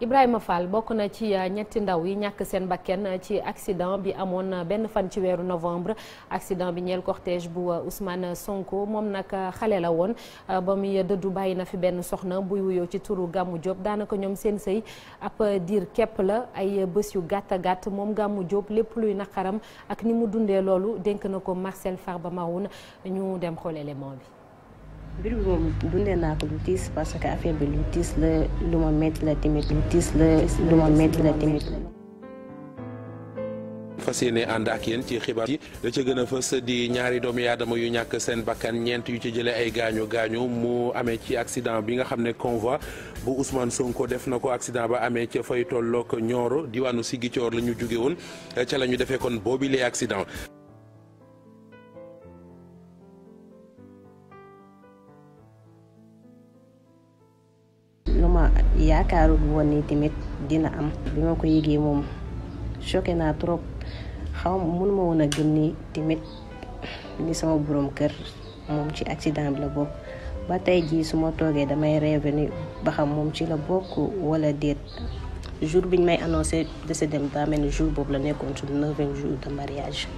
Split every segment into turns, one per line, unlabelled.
Ibrahima Fall bokk na ci euh, ñetti ndaw yi ñàkk seen bakken euh, ci accident bi amoon euh, benn fan ci weeru novembre accident bi ñeel cortège bu Ousmane Sonko moom nag xale la woon ba muy dëddu bàyyi na fi benn soxna buy wuyoo ci turu gàmmu Diop daanaka ñoom seen sëy ab diir képp la ay bés yu gàtt gàtt moom gàmmu Diop lépp luy naqaram ak ni mu dundee loolu dénk na ko Marcel Farba Maroun ñu dem xool élément bi.
mbir bi moom dundee naa ko lu tiis parce que affaire bi lu tiis la lu ma métti la tamit lu tiis la lu ma métti la tamit.
fas yéene ànd ak yéen ci xibaar yi la ca gën a fës di ñaari doomu aadama yu ñàkk seen bakkan ñeent yu ci jëlee ay gaañu gaañu mu amee ci accident bi nga xam ne convoi bu Ousmane Sonko def na ko accident ba amee ca fay tolloog Nioro diwaanu Ziguinchor la ñu jóge woon ca la ñu defee kon boobilee accident.
ma yaakaarul woon ni tamit dina am bi ma ko yëgee moom choqué naa trop xaw ma ma woon a gëm ni tamit ni sama borom kër moom ci accident bi la bokk ba tey jii su ma toogee damay rêve ni ba xam moom ci la bokk wala déet jour biñ may annoncé décédé am daa mel ni jour boobu la nekkoon su neuvième jour de mariage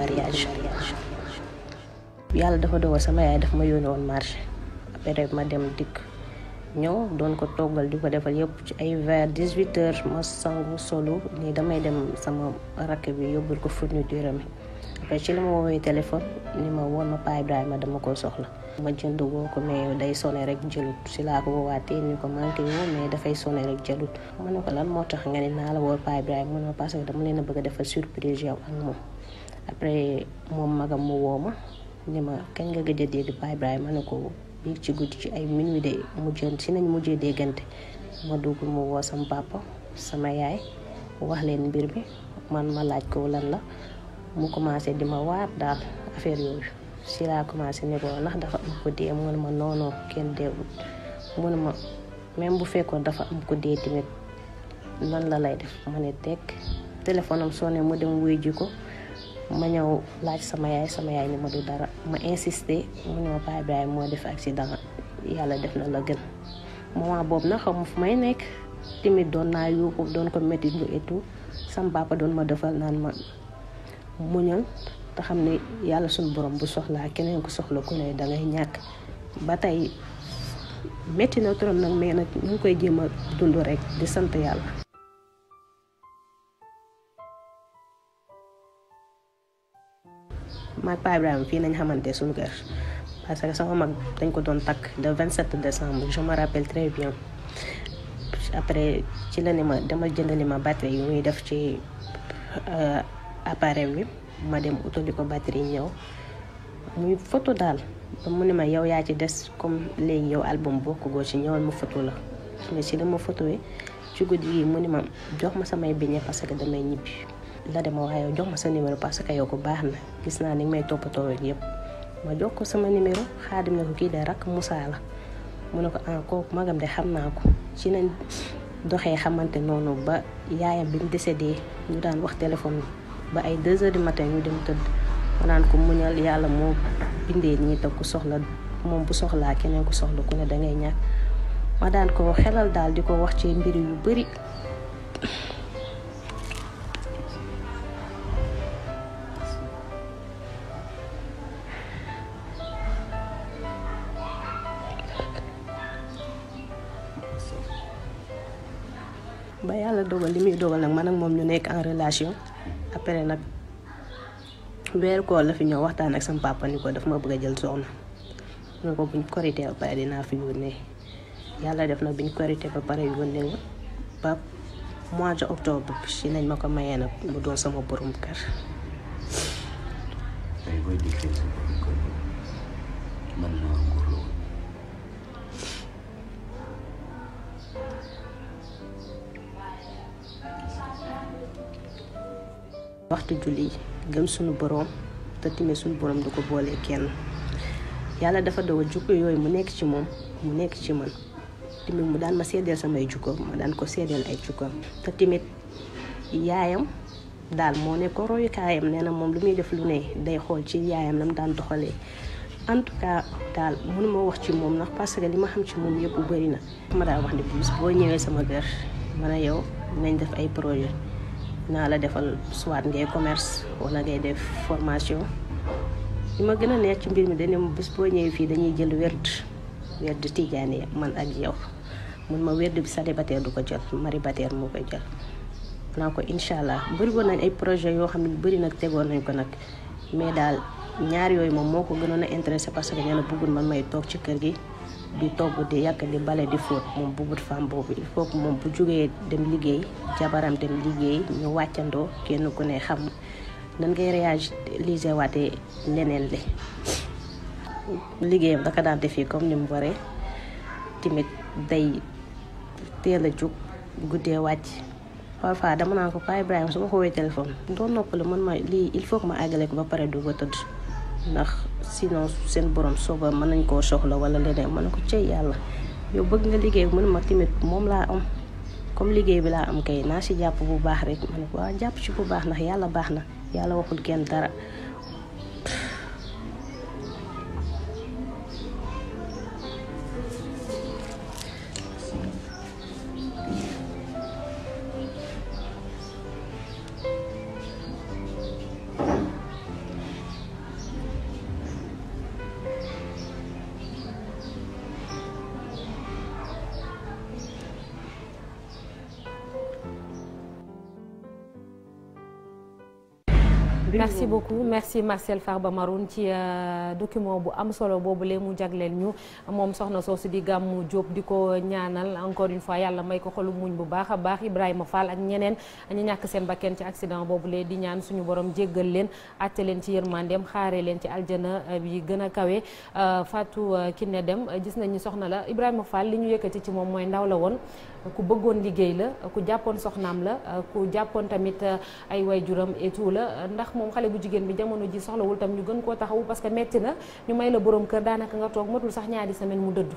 mariage yàlla dafa dogal sama yaay daf ma yónni woon marché après ma dem dikk ñëw doon ko toggal di ko defal yëpp ci ay vers dix-huit heures ma sangu solo nii damay dem sama rakk bi yóbbul ko fourniture mi après ci la ma woowee téléphone ni ma woon ma Pa Ibrahima dama ko soxla ma jënd woo ko mais day sone rek jëlut si laa ko woowaatee ni ko manqué woo mais dafay sone rek jëlut ma lan moo tax nga naa la woo Pa Ibrahima mu ne ma parce que dama leen a bëgg a defal surprise yow ak moom après moom magam mu woo ma ni ma kañ nga gëj a dégg Pa ma ne ko biir ci guddi ci ay minuit de mujjant si nañ mujjee déggante ma dugg mu woo sama papa sama yaay wax leen mbir mi man ma laaj ko lan la mu commencé di ma waar daal affaire yooyu si laa commencé ne ko ndax dafa am ko dee mu ma noonoo kenn deewul mu ma même bu fekkoon dafa am ko dee tamit lan la lay def ma ne teg téléphone soo ne mu dem wuy ko ma ñëw laaj sama yaay sama yaay ni ma du dara ma insisté mu ne ma Paa Ibrahima moo def accident yàlla def na la gën moment boobu nag xamu fu may nekk timit doon naa yuuxu doon ko métti lu et tout sama doon ma defal naan ma muñal te xam ne yàlla suñu borom bu soxlaa keneen ku soxla ku ne dangay ñàkk ba tey métti na trop nag mais nag ñu koy jéem a dund rek di sant yàlla. maag Pa Ibrahima fii nañ xamante suñu kër parce que sama mag dañ ko doon takk vingt 27 décembre je me rappelle très bien après ci la ni ma dama jëndali ma batterie yu muy def ci euh, appareil bi ma dem utali ko batterie ñëw muy photo daal ba mu ne ma yow yaa ci des comme léegi yow album bokk goo ci ñëwal ma photo la nga ci la ma photo ci guddi yi mu ne ma jox ma samay beñe parce que damay ñibbi la dem waaye jox ma sa numéro parce que yow ko baax na gis naa ni may toppatoo ak yëpp ma jox ko sama numéro xaadim ne ko kii de rakk Moussa la mu ne ko ah kooku de xam naa ko ci nañ xamante noonu ba yaayam bi mu décédé ñu daan wax téléphone ba ay 2 heures du matin dem tëdd ma naan ko muñal yàlla moo bindee ñi te ku soxla moom bu soxlaa keneen ku soxla ku ne dangay ñàkk ma daan ko xelal daal di ko wax ci mbir yu bari ba yàlla dogal li muy dogal nag man ak moom ñu nekk en relation après nag weer koor la fi ñëw waxtaan ak sama papa ni ko daf ma bëgg a jël soxna mu ne ko buñ korité ba pare dinaa fi yónnee yàlla def nag buñ korité ba pare yónnee ba mois de octobre bi si nañ ma ko mayee nag mu doon sama borom kar waxtu julli gëm suñu boroom te timit suñu boroom du ko boole kenn yàlla dafa dogal jukko yooyu mu nekk ci moom mu nekk ci man timit mu daan ma seddeel samay jukkoom ma daan ko seddeel ay jukkoom te timit yaayam daal moo ne ko royukaayam nee na moom lu muy def lu ne day xool ci yaayam nam daan doxalee en tout cas daal mënuma wax ci moom ndax parce que li ma xam ci moom yëpp bari na ma daal wax ne bis boo ñëwee sama kër ma a yow nañ def ay projet naa la defal soit ngay commerce wala ngay def formation li ma gën a neex ci mbir mi dañ ne bis boo ñëwee fii dañuy jël werd werd tijaani man ak yow mun ma werd bi célibataire du ko jël maribataire moo koy jël naa ko incha allah bëri woon nañ ay projet yoo xam ne bëri nag tegoon nañ ko nag mais daal ñaar yooyu moom moo ko gënoon a intéressé parce que nee na bëggul man may toog ci kër gi di togg di yàq di bale di fóot moom bugut femme boobu il faut moom bu jógee dem liggéey jabaram dem liggéey ñu wàccandoo kenn ku ne xam nan ngay réagir waatee leneen li liggéeyam daka daan defee comme ni mu bare timit day teel a jóg guddee wàcc parfois dama naa ko pa Ibrahima su ma ko woowee téléphone doon noppalu man ma lii il faut ma àggale ko ba pare du ko tëdd ndax sinon seen borom sooba mën nañ koo soxla wala leneen mën na ko cay yàlla yow bëgg nga liggéey mën ma timit moom laa am comme liggéey bi laa am kay naa si jàpp bu baax rek waaw jàpp ci bu baax ndax yàlla baax na yàlla waxul kenn dara
merci beaucoup merci Marcel Farba Maroun ci euh, document bu am solo boobu lee mu jag leen ñu moom soxna soo si di gàmmu Diop di ko ñaanal encore une fois yàlla may ko xolu muñ bu baax a baax Ibrahima Fall ak ñeneen ñu ñàkk seen bakken ci accident boobu lee di ñaan suñu boroom jéggal leen àtte leen ci yërmandeem xaare leen ci aljana bi euh, gën a kawe euh, Fatou ne Dem gis nañu soxna la Ibrahima Fall li ñu yëkkati ci moom mooy ndaw la woon ku bëggoon liggéey la ku jàppoon soxnaam la ku jàppoon tamit ay way juram moom xale bu jigéen bi jamono ji soxlawul tam ñu gën koo taxawu parce que metti na ñu may la borom kër daanaka nga toog matul sax ñaari
semaine mu dëdd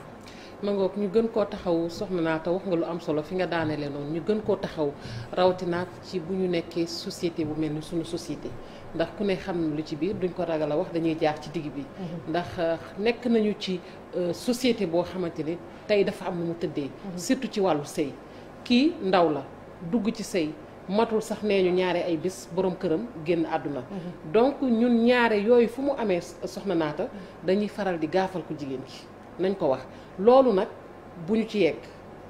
ma ngoog ñu gën koo taxawu soxna naa naata wax nga lu am solo fi nga daaneele noonu ñu gën koo taxaw rawatina ci bu ñu nekkee societé bu mel ni suñu société ndax ku ne xam lu ci biir duñ ko ragal a wax dañuy jaar ci digg bi mhm. ndax euh, nekk nañu ci euh, societé boo xamante ni tey dafa am nu mu tëddee mhm. surtout ci wàllu sëy kii ndaw la dugg ci sëy matul sax nee ñu ñaare ay bés borom këram génn àdduna mhm. donc ñun ñaare yooyu fu mu amee soxna naata dañuy faral di gaafal ko jigéen gi nañ ko wax loolu nag bu ñu ci yegg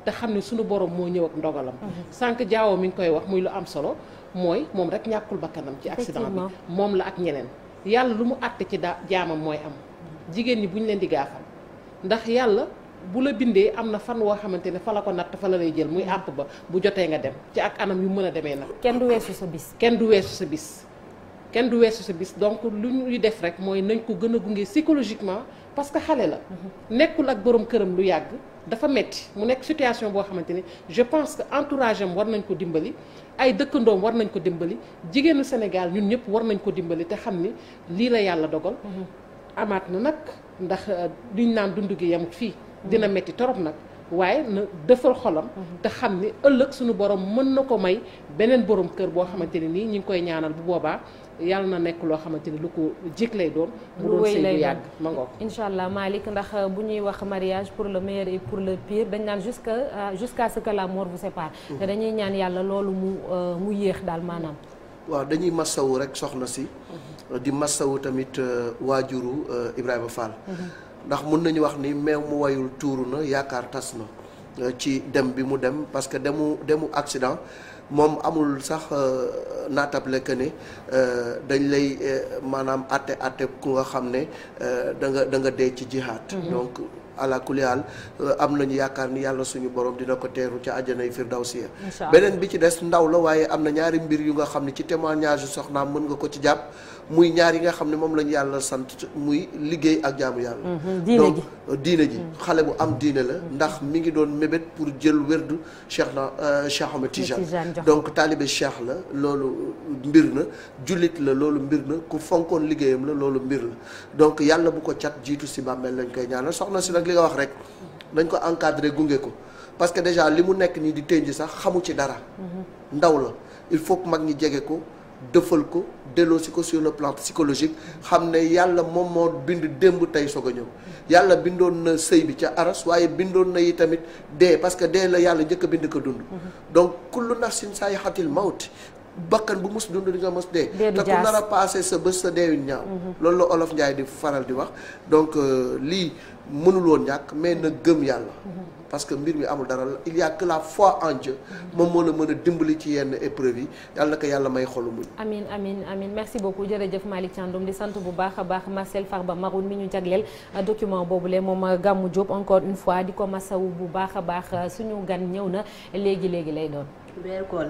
te xam ne sunu borom moo ñëw ak ndogalam mhm. sànq jaawoo mi ngi koy wax muy lu am solo mooy moom rek ñàkkul bakkanam ci accident bi moom la ak ñeneen yàlla lu mu àtte ci daa jaamam mooy am mhm. jigéen ñi bu ñu leen di gaafal ndax yàlla bu la bindee am na fan woo xamante ne fa la ko natt fa la lay jël muy àpp ba bu jotee nga dem ci ak anam yu mën a demee nag. kenn du weesu sa bis. kenn du weesu sa bis kenn du weesu sa bis donc lu ñuy def rek mooy nañ ko gën a gunge psychologiquement parce que xale la. Mhm. nekkul ak borom këram lu yàgg. dafa metti mu nekk situation boo xamante ni je pense que entourage am war nañ ko dimbali ay dëkkandoom war nañ ko dimbali jigéenu Sénégal ñun ñëpp war nañ ko dimbali te xam ni lii la yàlla dogal. Mhm. amaat na nag ndax duñ euh, naan dund gi fii. dina metti torop nag waaye na defal xolam mhm. te xam ni ëllëg suñu borom mën na ko may beneen borom kër boo xamante ne nii ñu ngi koy ñaanal bu boobaa yàlla na nekk loo xamante ni lu ko jik lay doon mu yàgg ma
incha allah Malick ndax euh, bu ñuy wax mariage pour le meilleur et pour le pire dañ naan jusqu'à euh, jusqu'à ce que la mort vous sépare mhm. dañuy ñaan yàlla loolu mu euh, mu yéex daal maanaam
waaw dañuy massawu rek soxna si mhm. di massawu tamit waajuru Ibrahima Fall ndax mun nañu wax ni meew mu wayul tuuru na yaakaar tas na euh, ci dem bi mu dem parce que demu demu accident moom amul sax euh, naatable que ne euh, dañ lay maanaam àtte àtte ku nga xam ne da nga da nga dee ci jihaat mhm. donc àla kulial euh, am nañu yaakaar ni yàlla suñu borom dina ko teeru ca si firdawsi beneen bi ci des ndaw la waaye am na ñaari mbir yu nga xam ne ci témoignage soxnaam mën nga ko ci jàpp muy ñaar yi nga xam ne moom lañu yàlla sant muy liggéey ak jaamu yàlla
mm-hmm. donc
ji euh, mm-hmm. xale bu am diine la mm-hmm. ndax mi ngi doon mébét pour jël wérdu cheikh na euh, cheikh Ahmed Tidiane donc taalibe cheikh la loolu mbir na jullit la loolu mbir na ku fonkoon liggéeyam la loolu mbir donc yàlla bu ko cat jiitu si bàmmeel lañ koy ñaanal soxna si nag li nga wax rek nañ ko encadrer gunge ko parce que déjà li mu nekk nii di tënj sax xamu ci dara. ndaw la il faut que mag ñi jege ko dëfal ko delloo delloosi ko sur le plan psychologique xam ne yàlla moom moo bind démb tey soog a ñëw. yàlla bindoon na sëy bi ca aras waaye bindoon na yi tamit dee parce que dee la yàlla njëkk bind ko dund. Mhm. donc kullu nafsin saayixatil mawt bakkan bu mus dund di nga mos dee te ku nar a sa bés sa deewin ñaaw mhm. loolu la olof Njaay di faral di wax donc euh, lii mënul woon ñàkk mais na gëm yàlla mhm. parce que mbir mi amul dara il y a que la foi en Dieu mhm. moom moo la mën a dimbali ci yenn a yi yàlla na ko yàlla may xolu muñ
amin amin amin merci beaucoup jërëjëf Malick Thiandoum di sant bu baax a baax Marcel Farba Maroun mi ñu jagleel euh, document boobule moom euh, Gamou Diop encore une fois di ko masawu bu baax a baax suñu gan ñëw na léegi léegi lay
doon.